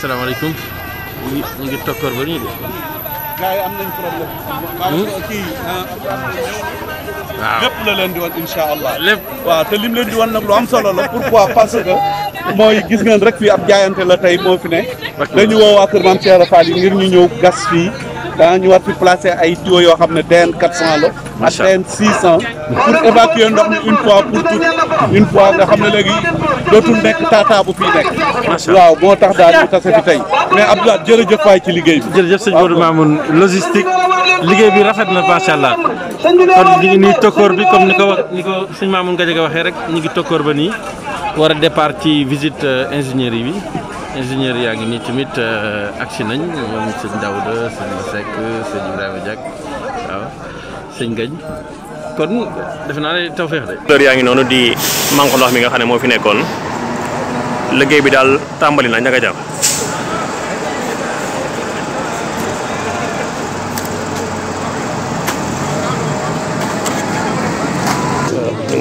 asalaamaaleykum ñu ngi ngi tokkoor ba nii de. Hmm? Euh, lépp la leen di wan incha allah. lépp waaw te lim leen di wan nag lu am solo la pourquoi parce que. mooy gis ngeen rek fii ab jaayante la tey moo fi ne. dañu woo waa Kër Maam Cheikh ngir ñu ñëw gas fii. ah ñu war fi placer ay tuyaux yoo xam ne DN 400 la. macha allah ak DN 600. pour évacuer ndox mi une fois pour toutes une fois nga xam ne léegi dootul nekk taataa bu fii nekk. waaw moo tax daal ñu tase fi tey. mais Abdoulaye jërëjëf waay ci liggéey bi. jërëjëf sëñ Modou Mamoun logistique liggéey bi rafet na macha allah. kon ñu ngi nii tokkoor bi comme ni ko wax ni ko sëñ waxee rek ñu ngi tokkoor ba nii. war a départ ci visite euh, ingénierie bi. ingénieur yaa ngi nii mit euh, agsi nañ moom sëñ Daouda sëñ Seck sëñ Ibrahima Diak waaw sëñ Gañ kon defe naa ne tawféex de. fleur yaa ngi noonu di manque ndox mi nga xam ne moo fi nekkoon liggéey bi daal tàmbali na ña nga jàpp.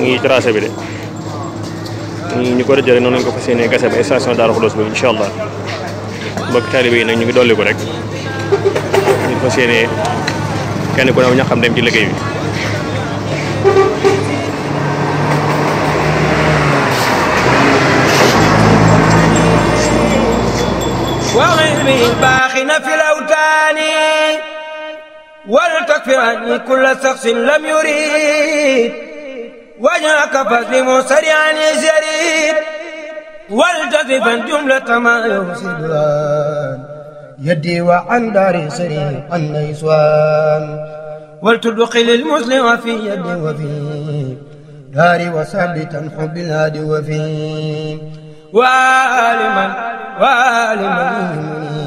ñu bi de. ñu ko rëjële noonu lañ ko fas yéenee gase ba station Darou Khoudoss ba incha allah mbokk taalibe yi nag ñu ngi dolli ko rek ñu fas yéenee kenn ku ne ña xam dem ci liggéey bi. ولا تكفي عني كل شخص وجاك فاسلم سريعا يسريد والتزفا جملة ما يفسدان يدي وعن داري سريع عن نيسوان ولتدخل المسلم في يدي وفي داري وثابتا حب الهادي وفي وآل من وآل من